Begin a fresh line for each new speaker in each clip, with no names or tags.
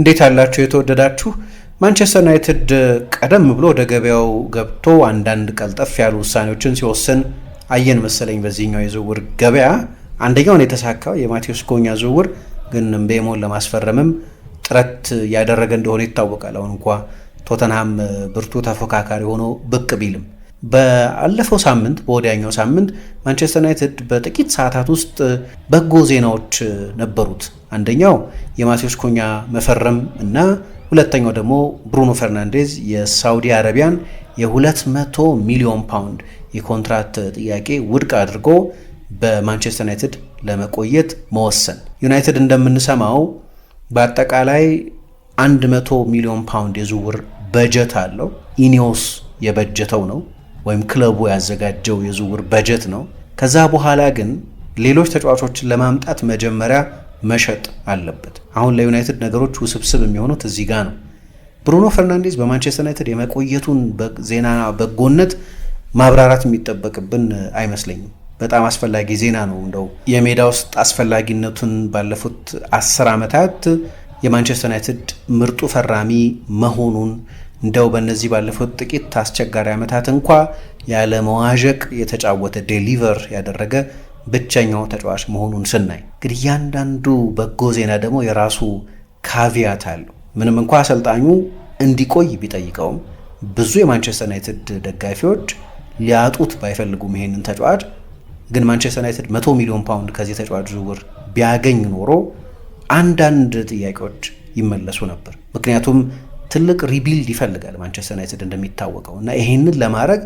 እንዴት ያላችሁ የተወደዳችሁ ማንቸስተር ዩናይትድ ቀደም ብሎ ወደ ገበያው ገብቶ አንዳንድ ቀልጠፍ ያሉ ውሳኔዎችን ሲወስን አየን መሰለኝ። በዚህኛው የዝውውር ገበያ አንደኛውን የተሳካው የማቴዎስ ኮኛ ዝውውር ግን ምቤሞን ለማስፈረምም ጥረት ያደረገ እንደሆነ ይታወቃል። አሁን እንኳ ቶተንሃም ብርቱ ተፎካካሪ ሆኖ ብቅ ቢልም በአለፈው ሳምንት በወዲያኛው ሳምንት ማንቸስተር ዩናይትድ በጥቂት ሰዓታት ውስጥ በጎ ዜናዎች ነበሩት። አንደኛው የማቴዎስ ኩኛ መፈረም እና ሁለተኛው ደግሞ ብሩኖ ፈርናንዴዝ የሳውዲ አረቢያን የ200 ሚሊዮን ፓውንድ የኮንትራት ጥያቄ ውድቅ አድርጎ በማንቸስተር ዩናይትድ ለመቆየት መወሰን። ዩናይትድ እንደምንሰማው በአጠቃላይ 100 ሚሊዮን ፓውንድ የዝውውር በጀት አለው። ኢኒዮስ የበጀተው ነው። ወይም ክለቡ ያዘጋጀው የዝውውር በጀት ነው። ከዛ በኋላ ግን ሌሎች ተጫዋቾችን ለማምጣት መጀመሪያ መሸጥ አለበት። አሁን ለዩናይትድ ነገሮች ውስብስብ የሚሆኑት እዚህ ጋ ነው። ብሩኖ ፈርናንዴዝ በማንቸስተር ዩናይትድ የመቆየቱን ዜና በጎነት ማብራራት የሚጠበቅብን አይመስለኝም። በጣም አስፈላጊ ዜና ነው። እንደው የሜዳ ውስጥ አስፈላጊነቱን ባለፉት አስር ዓመታት የማንቸስተር ዩናይትድ ምርጡ ፈራሚ መሆኑን እንደው በእነዚህ ባለፉት ጥቂት አስቸጋሪ ዓመታት እንኳ ያለ መዋዠቅ የተጫወተ ዴሊቨር ያደረገ ብቸኛው ተጫዋች መሆኑን ስናይ እንግዲህ እያንዳንዱ በጎ ዜና ደግሞ የራሱ ካቪያት አለው። ምንም እንኳ አሰልጣኙ እንዲቆይ ቢጠይቀውም ብዙ የማንቸስተር ዩናይትድ ደጋፊዎች ሊያጡት ባይፈልጉም ይሄንን ተጫዋች ግን ማንቸስተር ዩናይትድ 100 ሚሊዮን ፓውንድ ከዚህ ተጫዋች ዝውውር ቢያገኝ ኖሮ አንዳንድ ጥያቄዎች ይመለሱ ነበር። ምክንያቱም ትልቅ ሪቢልድ ይፈልጋል ማንቸስተር ዩናይትድ እንደሚታወቀው እና ይሄንን ለማድረግ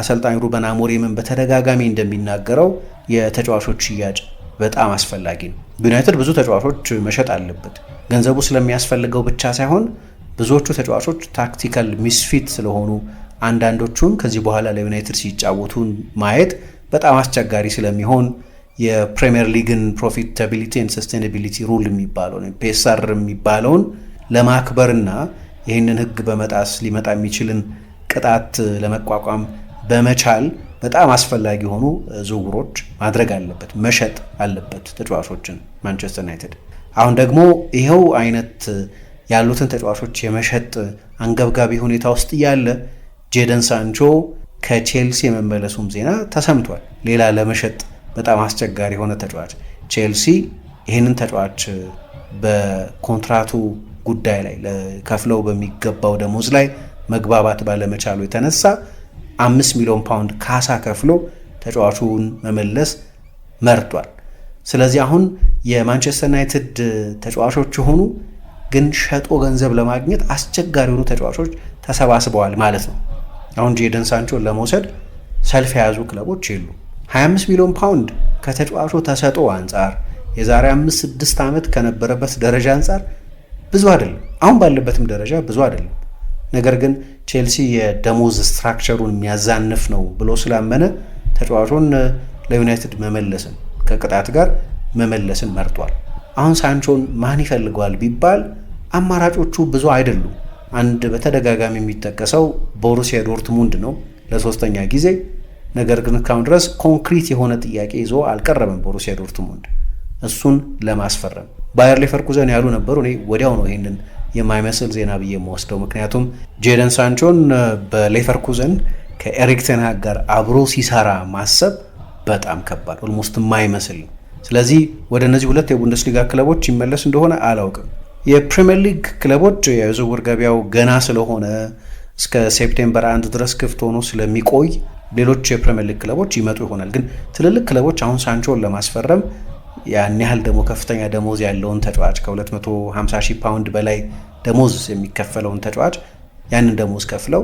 አሰልጣኝ ሩበን አሞሪምን በተደጋጋሚ እንደሚናገረው የተጫዋቾች ሽያጭ በጣም አስፈላጊ ነው። ዩናይትድ ብዙ ተጫዋቾች መሸጥ አለበት። ገንዘቡ ስለሚያስፈልገው ብቻ ሳይሆን ብዙዎቹ ተጫዋቾች ታክቲካል ሚስፊት ስለሆኑ አንዳንዶቹን ከዚህ በኋላ ለዩናይትድ ሲጫወቱን ማየት በጣም አስቸጋሪ ስለሚሆን የፕሪምየር ሊግን ፕሮፊታቢሊቲ ኤንድ ሰስቴናቢሊቲ ሩል የሚባለውን ፔሳር የሚባለውን ለማክበርና ይህንን ህግ በመጣስ ሊመጣ የሚችልን ቅጣት ለመቋቋም በመቻል በጣም አስፈላጊ የሆኑ ዝውውሮች ማድረግ አለበት፣ መሸጥ አለበት ተጫዋቾችን ማንቸስተር ዩናይትድ። አሁን ደግሞ ይኸው አይነት ያሉትን ተጫዋቾች የመሸጥ አንገብጋቢ ሁኔታ ውስጥ እያለ ጄደን ሳንቾ ከቼልሲ የመመለሱም ዜና ተሰምቷል። ሌላ ለመሸጥ በጣም አስቸጋሪ የሆነ ተጫዋች ቼልሲ ይህንን ተጫዋች በኮንትራቱ ጉዳይ ላይ ከፍለው በሚገባው ደሞዝ ላይ መግባባት ባለመቻሉ የተነሳ አምስት ሚሊዮን ፓውንድ ካሳ ከፍሎ ተጫዋቹን መመለስ መርጧል። ስለዚህ አሁን የማንቸስተር ዩናይትድ ተጫዋቾች የሆኑ ግን ሸጦ ገንዘብ ለማግኘት አስቸጋሪ የሆኑ ተጫዋቾች ተሰባስበዋል ማለት ነው። አሁን ጄደን ሳንቾን ለመውሰድ ሰልፍ የያዙ ክለቦች የሉ። 25 ሚሊዮን ፓውንድ ከተጫዋቹ ተሰጦ አንጻር የዛሬ 5-6 ዓመት ከነበረበት ደረጃ አንጻር ብዙ አይደለም፣ አሁን ባለበትም ደረጃ ብዙ አይደለም። ነገር ግን ቼልሲ የደሞዝ ስትራክቸሩን የሚያዛንፍ ነው ብሎ ስላመነ ተጫዋቾን ለዩናይትድ መመለስን ከቅጣት ጋር መመለስን መርጧል። አሁን ሳንቾን ማን ይፈልገዋል ቢባል አማራጮቹ ብዙ አይደሉም። አንድ በተደጋጋሚ የሚጠቀሰው ቦሩሲያ ዶርትሙንድ ነው ለሶስተኛ ጊዜ። ነገር ግን እስካሁን ድረስ ኮንክሪት የሆነ ጥያቄ ይዞ አልቀረበም ቦሩሲያ ዶርትሙንድ እሱን ለማስፈረም ባየር ሌቨርኩዘን ያሉ ነበሩ። እኔ ወዲያው ነው ይህንን የማይመስል ዜና ብዬ የምወስደው፣ ምክንያቱም ጄደን ሳንቾን በሌቨርኩዘን ከኤሪክ ጋር አብሮ ሲሰራ ማሰብ በጣም ከባድ ኦልሞስት የማይመስል ነው። ስለዚህ ወደ እነዚህ ሁለት የቡንደስሊጋ ክለቦች ይመለስ እንደሆነ አላውቅም። የፕሪምየር ሊግ ክለቦች የዝውውር ገበያው ገና ስለሆነ እስከ ሴፕቴምበር አንድ ድረስ ክፍት ሆኖ ስለሚቆይ ሌሎች የፕሪምየር ሊግ ክለቦች ይመጡ ይሆናል። ግን ትልልቅ ክለቦች አሁን ሳንቾን ለማስፈረም ያን ያህል ደግሞ ከፍተኛ ደሞዝ ያለውን ተጫዋች ከ250 ሺህ ፓውንድ በላይ ደሞዝ የሚከፈለውን ተጫዋች ያንን ደሞዝ ከፍለው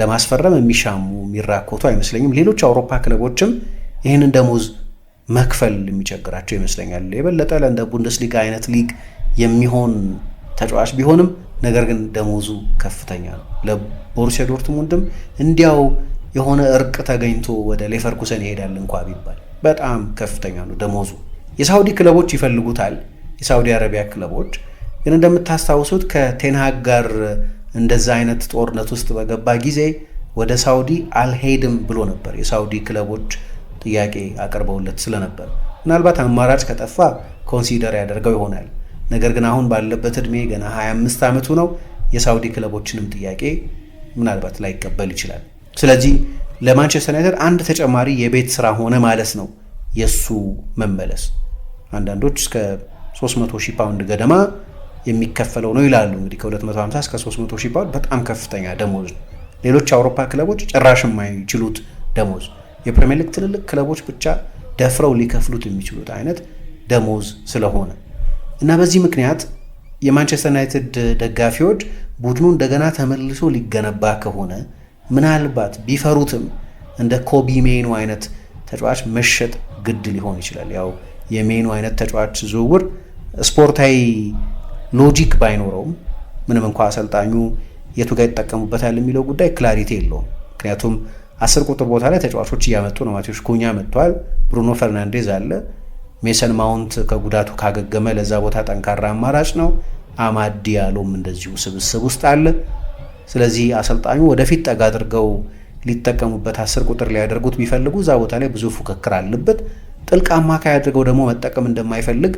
ለማስፈረም የሚሻሙ የሚራኮቱ አይመስለኝም። ሌሎች አውሮፓ ክለቦችም ይህንን ደሞዝ መክፈል የሚቸግራቸው ይመስለኛል። የበለጠ ለእንደ ቡንደስሊጋ አይነት ሊግ የሚሆን ተጫዋች ቢሆንም ነገር ግን ደሞዙ ከፍተኛ ነው። ለቦሩሲያ ዶርትሙንድም እንዲያው የሆነ እርቅ ተገኝቶ ወደ ሌቨርኩሰን ይሄዳል እንኳ ቢባል በጣም ከፍተኛ ነው ደሞዙ። የሳውዲ ክለቦች ይፈልጉታል፣ የሳውዲ አረቢያ ክለቦች ግን እንደምታስታውሱት ከቴንሃግ ጋር እንደዛ አይነት ጦርነት ውስጥ በገባ ጊዜ ወደ ሳውዲ አልሄድም ብሎ ነበር። የሳውዲ ክለቦች ጥያቄ አቅርበውለት ስለነበር ምናልባት አማራጭ ከጠፋ ኮንሲደር ያደርገው ይሆናል። ነገር ግን አሁን ባለበት እድሜ ገና 25 ዓመቱ ነው። የሳውዲ ክለቦችንም ጥያቄ ምናልባት ላይቀበል ይችላል። ስለዚህ ለማንቸስተር ዩናይትድ አንድ ተጨማሪ የቤት ስራ ሆነ ማለት ነው የእሱ መመለስ። አንዳንዶች እስከ 300 ሺህ ፓውንድ ገደማ የሚከፈለው ነው ይላሉ። እንግዲህ ከ250 እስከ 300 ሺህ ፓውንድ በጣም ከፍተኛ ደሞዝ ነው። ሌሎች አውሮፓ ክለቦች ጭራሽ የማይችሉት ደሞዝ፣ የፕሪሚየር ሊግ ትልልቅ ክለቦች ብቻ ደፍረው ሊከፍሉት የሚችሉት አይነት ደሞዝ ስለሆነ እና በዚህ ምክንያት የማንቸስተር ዩናይትድ ደጋፊዎች ቡድኑ እንደገና ተመልሶ ሊገነባ ከሆነ ምናልባት ቢፈሩትም እንደ ኮቢ ሜኑ አይነት ተጫዋች መሸጥ ግድ ሊሆን ይችላል ያው የሜኑ አይነት ተጫዋች ዝውውር ስፖርታዊ ሎጂክ ባይኖረውም ምንም እንኳ አሰልጣኙ የቱ ጋር ይጠቀሙበታል የሚለው ጉዳይ ክላሪቲ የለውም። ምክንያቱም አስር ቁጥር ቦታ ላይ ተጫዋቾች እያመጡ ነው። ማቴዎስ ኩኛ መጥቷል። ብሩኖ ፈርናንዴዝ አለ። ሜሰን ማውንት ከጉዳቱ ካገገመ ለዛ ቦታ ጠንካራ አማራጭ ነው። አማዲ ዲያሎም እንደዚሁ ስብስብ ውስጥ አለ። ስለዚህ አሰልጣኙ ወደፊት ጠጋ አድርገው ሊጠቀሙበት አስር ቁጥር ሊያደርጉት ቢፈልጉ እዛ ቦታ ላይ ብዙ ፉክክር አለበት። ጥልቅ አማካይ አድርገው ደግሞ መጠቀም እንደማይፈልግ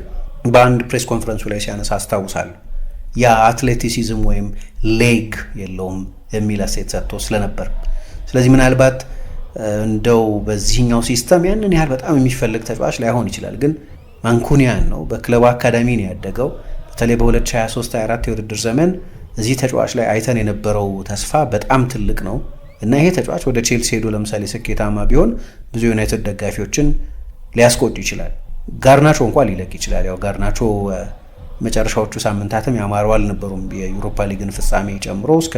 በአንድ ፕሬስ ኮንፈረንሱ ላይ ሲያነሳ አስታውሳለሁ። ያ አትሌቲሲዝም ወይም ሌግ የለውም የሚል አስተያየት ሰጥቶ ስለነበር ስለዚህ ምናልባት እንደው በዚህኛው ሲስተም ያንን ያህል በጣም የሚፈልግ ተጫዋች ላይሆን ይችላል። ግን ማንኩኒያን ነው፣ በክለቡ አካዳሚ ነው ያደገው። በተለይ በ2023/24 የውድድር ዘመን እዚህ ተጫዋች ላይ አይተን የነበረው ተስፋ በጣም ትልቅ ነው እና ይሄ ተጫዋች ወደ ቼልሲ ሄዶ ለምሳሌ ስኬታማ ቢሆን ብዙ ዩናይትድ ደጋፊዎችን ሊያስቆጡ ይችላል። ጋርናቾ እንኳ ሊለቅ ይችላል። ያው ጋርናቾ መጨረሻዎቹ ሳምንታትም ያማሩ አልነበሩም። የዩሮፓ ሊግን ፍጻሜ ጨምሮ እስከ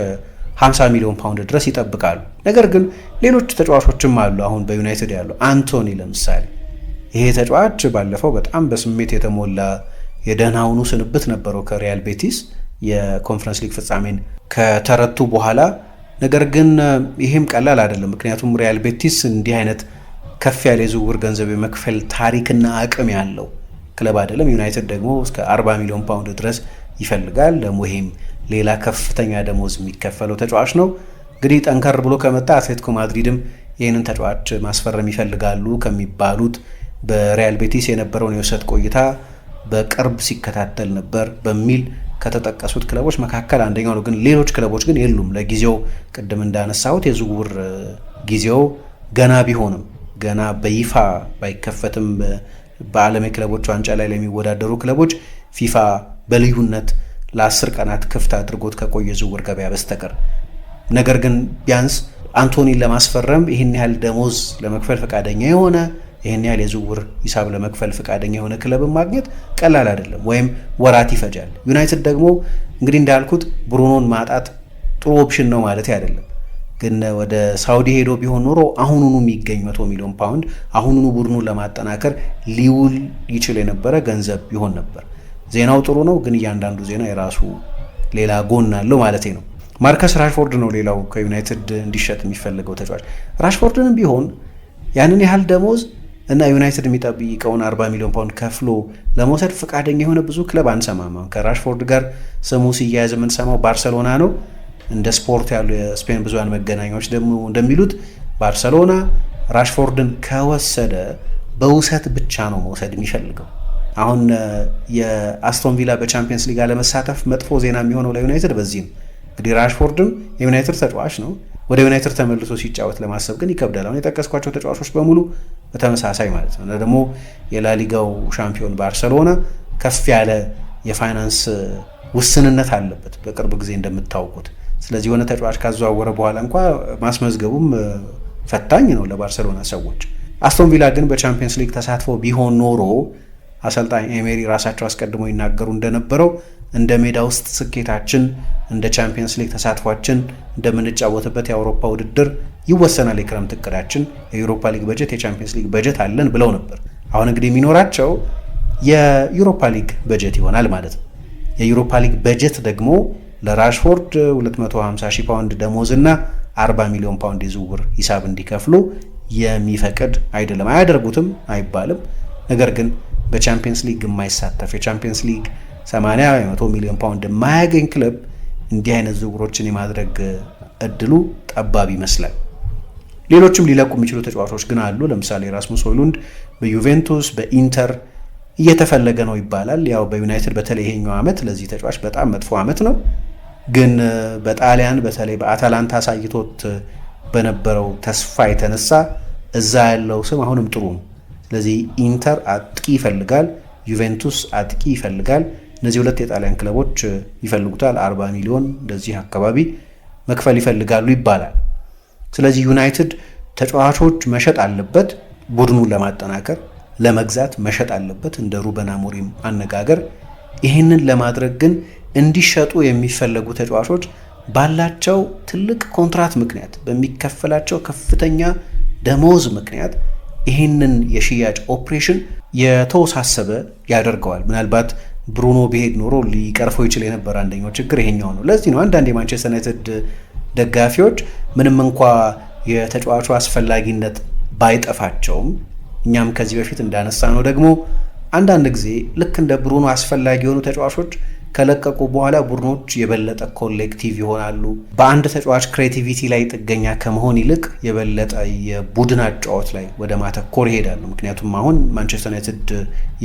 50 ሚሊዮን ፓውንድ ድረስ ይጠብቃሉ። ነገር ግን ሌሎች ተጫዋቾችም አሉ። አሁን በዩናይትድ ያሉ አንቶኒ ለምሳሌ ይሄ ተጫዋች ባለፈው በጣም በስሜት የተሞላ የደህናውኑ ስንብት ነበረው ከሪያል ቤቲስ የኮንፈረንስ ሊግ ፍጻሜን ከተረቱ በኋላ ነገር ግን ይህም ቀላል አይደለም። ምክንያቱም ሪያል ቤቲስ እንዲህ አይነት ከፍ ያለ የዝውውር ገንዘብ የመክፈል ታሪክና አቅም ያለው ክለብ አይደለም። ዩናይትድ ደግሞ እስከ 40 ሚሊዮን ፓውንድ ድረስ ይፈልጋል። ለሞሄም ሌላ ከፍተኛ ደሞዝ የሚከፈለው ተጫዋች ነው። እንግዲህ ጠንከር ብሎ ከመጣ አትሌቲኮ ማድሪድም ይህንን ተጫዋች ማስፈረም ይፈልጋሉ ከሚባሉት በሪያል ቤቲስ የነበረውን የውሰት ቆይታ በቅርብ ሲከታተል ነበር በሚል ከተጠቀሱት ክለቦች መካከል አንደኛው ነው። ግን ሌሎች ክለቦች ግን የሉም። ለጊዜው ቅድም እንዳነሳሁት የዝውውር ጊዜው ገና ቢሆንም ገና በይፋ ባይከፈትም በዓለም የክለቦች ዋንጫ ላይ ለሚወዳደሩ ክለቦች ፊፋ በልዩነት ለአስር ቀናት ክፍት አድርጎት ከቆየ ዝውውር ገበያ በስተቀር ነገር ግን ቢያንስ አንቶኒን ለማስፈረም ይህን ያህል ደሞዝ ለመክፈል ፈቃደኛ የሆነ ይህን ያህል የዝውውር ሂሳብ ለመክፈል ፈቃደኛ የሆነ ክለብን ማግኘት ቀላል አይደለም፣ ወይም ወራት ይፈጃል። ዩናይትድ ደግሞ እንግዲህ እንዳልኩት ብሩኖን ማጣት ጥሩ ኦፕሽን ነው ማለት አይደለም። ግን ወደ ሳውዲ ሄዶ ቢሆን ኖሮ አሁኑኑ የሚገኝ መቶ ሚሊዮን ፓውንድ አሁኑኑ ቡድኑን ለማጠናከር ሊውል ይችል የነበረ ገንዘብ ቢሆን ነበር። ዜናው ጥሩ ነው፣ ግን እያንዳንዱ ዜና የራሱ ሌላ ጎን አለው ማለት ነው። ማርከስ ራሽፎርድ ነው ሌላው ከዩናይትድ እንዲሸጥ የሚፈልገው ተጫዋች። ራሽፎርድንም ቢሆን ያንን ያህል ደሞዝ እና ዩናይትድ የሚጠብቀውን 40 ሚሊዮን ፓውንድ ከፍሎ ለመውሰድ ፈቃደኛ የሆነ ብዙ ክለብ አንሰማም። ከራሽፎርድ ጋር ስሙ ሲያያዝ የምንሰማው ባርሰሎና ነው። እንደ ስፖርት ያሉ የስፔን ብዙሃን መገናኛዎች ደግሞ እንደሚሉት ባርሰሎና ራሽፎርድን ከወሰደ በውሰት ብቻ ነው መውሰድ የሚፈልገው። አሁን የአስቶን ቪላ በቻምፒየንስ ሊግ አለመሳተፍ መጥፎ ዜና የሚሆነው ለዩናይትድ በዚህ ነው። እንግዲህ ራሽፎርድም የዩናይትድ ተጫዋች ነው። ወደ ዩናይትድ ተመልሶ ሲጫወት ለማሰብ ግን ይከብዳል። አሁን የጠቀስኳቸው ተጫዋቾች በሙሉ በተመሳሳይ ማለት ነው። ደግሞ የላሊጋው ሻምፒዮን ባርሰሎና ከፍ ያለ የፋይናንስ ውስንነት አለበት። በቅርብ ጊዜ እንደምታውቁት ስለዚህ የሆነ ተጫዋች ካዘዋወረ በኋላ እንኳ ማስመዝገቡም ፈታኝ ነው ለባርሰሎና ሰዎች። አስቶን ቪላ ግን በቻምፒየንስ ሊግ ተሳትፎ ቢሆን ኖሮ አሰልጣኝ ኤሜሪ ራሳቸው አስቀድሞ ይናገሩ እንደነበረው እንደ ሜዳ ውስጥ ስኬታችን እንደ ቻምፒየንስ ሊግ ተሳትፏችን እንደምንጫወትበት የአውሮፓ ውድድር ይወሰናል የክረምት እቅዳችን፣ የዩሮፓ ሊግ በጀት፣ የቻምፒየንስ ሊግ በጀት አለን ብለው ነበር። አሁን እንግዲህ የሚኖራቸው የዩሮፓ ሊግ በጀት ይሆናል ማለት ነው። የዩሮፓ ሊግ በጀት ደግሞ ለራሽፎርድ 250 ሺህ ፓውንድ ደሞዝ እና 40 ሚሊዮን ፓውንድ የዝውውር ሂሳብ እንዲከፍሉ የሚፈቅድ አይደለም። አያደርጉትም አይባልም። ነገር ግን በቻምፒየንስ ሊግ የማይሳተፍ የቻምፒየንስ ሊግ 80 100 ሚሊዮን ፓውንድ የማያገኝ ክለብ እንዲህ አይነት ዝውውሮችን የማድረግ እድሉ ጠባብ ይመስላል። ሌሎችም ሊለቁ የሚችሉ ተጫዋቾች ግን አሉ። ለምሳሌ ራስሙስ ሆይሉንድ በዩቬንቱስ በኢንተር እየተፈለገ ነው ይባላል። ያው በዩናይትድ በተለይ ይሄኛው ዓመት ለዚህ ተጫዋች በጣም መጥፎ ዓመት ነው። ግን በጣሊያን በተለይ በአታላንታ አሳይቶት በነበረው ተስፋ የተነሳ እዛ ያለው ስም አሁንም ጥሩ ነው። ስለዚህ ኢንተር አጥቂ ይፈልጋል፣ ዩቬንቱስ አጥቂ ይፈልጋል። እነዚህ ሁለት የጣሊያን ክለቦች ይፈልጉታል። 40 ሚሊዮን እንደዚህ አካባቢ መክፈል ይፈልጋሉ ይባላል። ስለዚህ ዩናይትድ ተጫዋቾች መሸጥ አለበት ቡድኑን ለማጠናከር ለመግዛት መሸጥ አለበት። እንደ ሩበን አሞሪም አነጋገር ይህንን ለማድረግ ግን እንዲሸጡ የሚፈለጉ ተጫዋቾች ባላቸው ትልቅ ኮንትራት ምክንያት በሚከፈላቸው ከፍተኛ ደመወዝ ምክንያት ይህንን የሽያጭ ኦፕሬሽን የተወሳሰበ ያደርገዋል። ምናልባት ብሩኖ ቢሄድ ኖሮ ሊቀርፈው ይችል የነበረ አንደኛው ችግር ይሄኛው ነው። ለዚህ ነው አንዳንድ የማንቸስተር ዩናይትድ ደጋፊዎች ምንም እንኳ የተጫዋቹ አስፈላጊነት ባይጠፋቸውም እኛም ከዚህ በፊት እንዳነሳ ነው ደግሞ አንዳንድ ጊዜ ልክ እንደ ብሩኖ አስፈላጊ የሆኑ ተጫዋቾች ከለቀቁ በኋላ ቡድኖች የበለጠ ኮሌክቲቭ ይሆናሉ። በአንድ ተጫዋች ክሬቲቪቲ ላይ ጥገኛ ከመሆን ይልቅ የበለጠ የቡድን አጫወት ላይ ወደ ማተኮር ይሄዳሉ። ምክንያቱም አሁን ማንቸስተር ዩናይትድ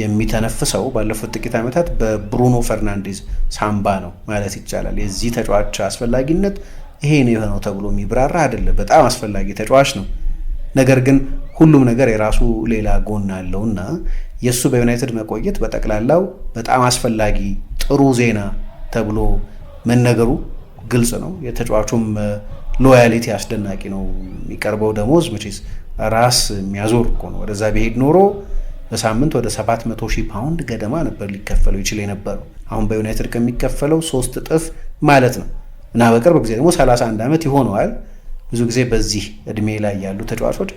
የሚተነፍሰው ባለፉት ጥቂት ዓመታት በብሩኖ ፈርናንዴዝ ሳምባ ነው ማለት ይቻላል። የዚህ ተጫዋች አስፈላጊነት ይሄ ነው የሆነው ተብሎ የሚብራራ አይደለም። በጣም አስፈላጊ ተጫዋች ነው። ነገር ግን ሁሉም ነገር የራሱ ሌላ ጎን አለው እና የእሱ በዩናይትድ መቆየት በጠቅላላው በጣም አስፈላጊ ጥሩ ዜና ተብሎ መነገሩ ግልጽ ነው። የተጫዋቹም ሎያሊቲ አስደናቂ ነው። የሚቀርበው ደሞዝ መቼስ ራስ የሚያዞር እኮ ነው። ወደዛ ቢሄድ ኖሮ በሳምንት ወደ 700 ሺህ ፓውንድ ገደማ ነበር ሊከፈለው ይችል የነበረው። አሁን በዩናይትድ ከሚከፈለው ሶስት እጥፍ ማለት ነው እና በቅርብ ጊዜ ደግሞ 31 ዓመት ይሆነዋል። ብዙ ጊዜ በዚህ እድሜ ላይ ያሉ ተጫዋቾች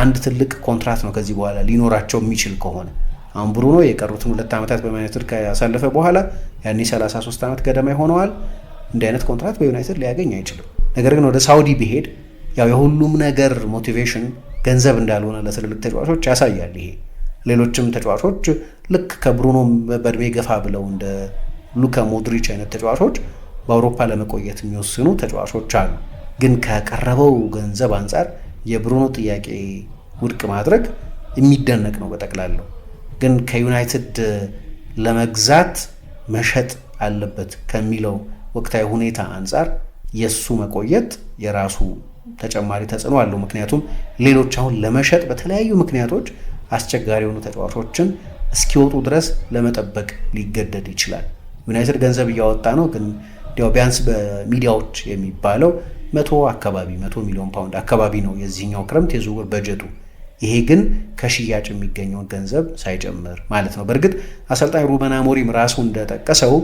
አንድ ትልቅ ኮንትራት ነው ከዚህ በኋላ ሊኖራቸው የሚችል ከሆነ አሁን ብሩኖ የቀሩትን ሁለት ዓመታት በማይነትድ ካሳለፈ በኋላ ያኔ 33 ዓመት ገደማ ይሆነዋል። እንዲህ አይነት ኮንትራት በዩናይትድ ሊያገኝ አይችልም። ነገር ግን ወደ ሳውዲ ቢሄድ ያው የሁሉም ነገር ሞቲቬሽን ገንዘብ እንዳልሆነ ለትልልቅ ተጫዋቾች ያሳያል። ይሄ ሌሎችም ተጫዋቾች ልክ ከብሩኖ በእድሜ ገፋ ብለው እንደ ሉካ ሞድሪች አይነት ተጫዋቾች በአውሮፓ ለመቆየት የሚወስኑ ተጫዋቾች አሉ። ግን ከቀረበው ገንዘብ አንጻር የብሩኖ ጥያቄ ውድቅ ማድረግ የሚደነቅ ነው። በጠቅላላው ግን ከዩናይትድ ለመግዛት መሸጥ አለበት ከሚለው ወቅታዊ ሁኔታ አንጻር የእሱ መቆየት የራሱ ተጨማሪ ተጽዕኖ አለው። ምክንያቱም ሌሎች አሁን ለመሸጥ በተለያዩ ምክንያቶች አስቸጋሪ የሆኑ ተጫዋቾችን እስኪወጡ ድረስ ለመጠበቅ ሊገደድ ይችላል። ዩናይትድ ገንዘብ እያወጣ ነው ግን ያው ቢያንስ በሚዲያዎች የሚባለው መቶ አካባቢ መቶ ሚሊዮን ፓውንድ አካባቢ ነው የዚህኛው ክረምት የዝውውር በጀቱ። ይሄ ግን ከሽያጭ የሚገኘው ገንዘብ ሳይጨምር ማለት ነው። በእርግጥ አሰልጣኝ ሩበን አሞሪም ራሱ እንደጠቀሰው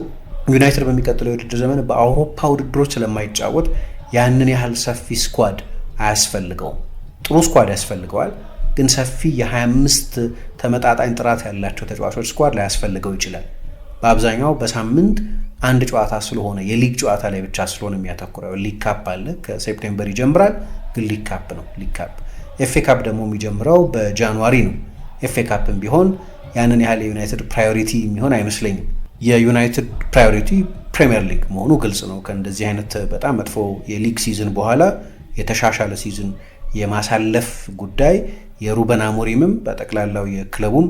ዩናይትድ በሚቀጥለው የውድድር ዘመን በአውሮፓ ውድድሮች ስለማይጫወት ያንን ያህል ሰፊ ስኳድ አያስፈልገውም። ጥሩ ስኳድ ያስፈልገዋል፣ ግን ሰፊ የ25 ተመጣጣኝ ጥራት ያላቸው ተጫዋቾች ስኳድ ላያስፈልገው ይችላል። በአብዛኛው በሳምንት አንድ ጨዋታ ስለሆነ የሊግ ጨዋታ ላይ ብቻ ስለሆነ የሚያተኩረው ሊግ ካፕ አለ። ከሴፕቴምበር ይጀምራል፣ ግን ሊግ ካፕ ነው። ሊግ ካፕ ኤፌ ካፕ ደግሞ የሚጀምረው በጃንዋሪ ነው። ኤፌ ካፕም ቢሆን ያንን ያህል የዩናይትድ ፕራዮሪቲ የሚሆን አይመስለኝም። የዩናይትድ ፕራዮሪቲ ፕሪምየር ሊግ መሆኑ ግልጽ ነው። ከእንደዚህ አይነት በጣም መጥፎ የሊግ ሲዝን በኋላ የተሻሻለ ሲዝን የማሳለፍ ጉዳይ የሩበን አሞሪምም በጠቅላላው የክለቡም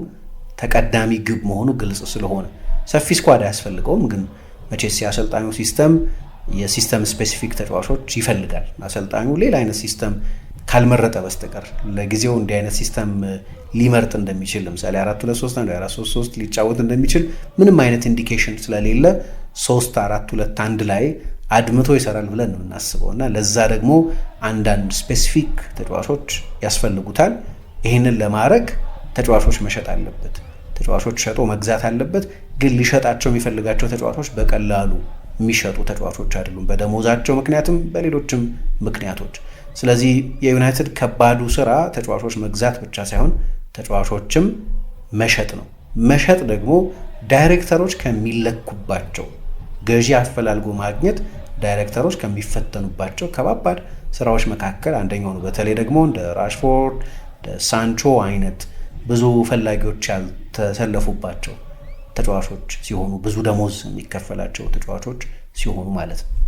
ተቀዳሚ ግብ መሆኑ ግልጽ ስለሆነ ሰፊ ስኳድ አያስፈልገውም ግን መቼስ የአሰልጣኙ ሲስተም የሲስተም ስፔሲፊክ ተጫዋቾች ይፈልጋል። አሰልጣኙ ሌላ አይነት ሲስተም ካልመረጠ በስተቀር ለጊዜው እንዲህ አይነት ሲስተም ሊመርጥ እንደሚችል ለምሳሌ አራት ሁለት ሶስት አንድ አራት ሶስት ሶስት ሊጫወት እንደሚችል ምንም አይነት ኢንዲኬሽን ስለሌለ ሶስት አራት ሁለት አንድ ላይ አድምቶ ይሰራል ብለን ነው የምናስበው እና ለዛ ደግሞ አንዳንድ ስፔሲፊክ ተጫዋቾች ያስፈልጉታል። ይህንን ለማድረግ ተጫዋቾች መሸጥ አለበት። ተጫዋቾች ሸጦ መግዛት አለበት። ግን ሊሸጣቸው የሚፈልጋቸው ተጫዋቾች በቀላሉ የሚሸጡ ተጫዋቾች አይደሉም፣ በደሞዛቸው ምክንያትም በሌሎችም ምክንያቶች። ስለዚህ የዩናይትድ ከባዱ ስራ ተጫዋቾች መግዛት ብቻ ሳይሆን ተጫዋቾችም መሸጥ ነው። መሸጥ ደግሞ ዳይሬክተሮች ከሚለኩባቸው ገዢ አፈላልጎ ማግኘት ዳይሬክተሮች ከሚፈተኑባቸው ከባባድ ስራዎች መካከል አንደኛው ነው። በተለይ ደግሞ እንደ ራሽፎርድ፣ እንደ ሳንቾ አይነት ብዙ ፈላጊዎች ያልተሰለፉባቸው ተጫዋቾች ሲሆኑ ብዙ ደሞዝ የሚከፈላቸው ተጫዋቾች ሲሆኑ ማለት ነው።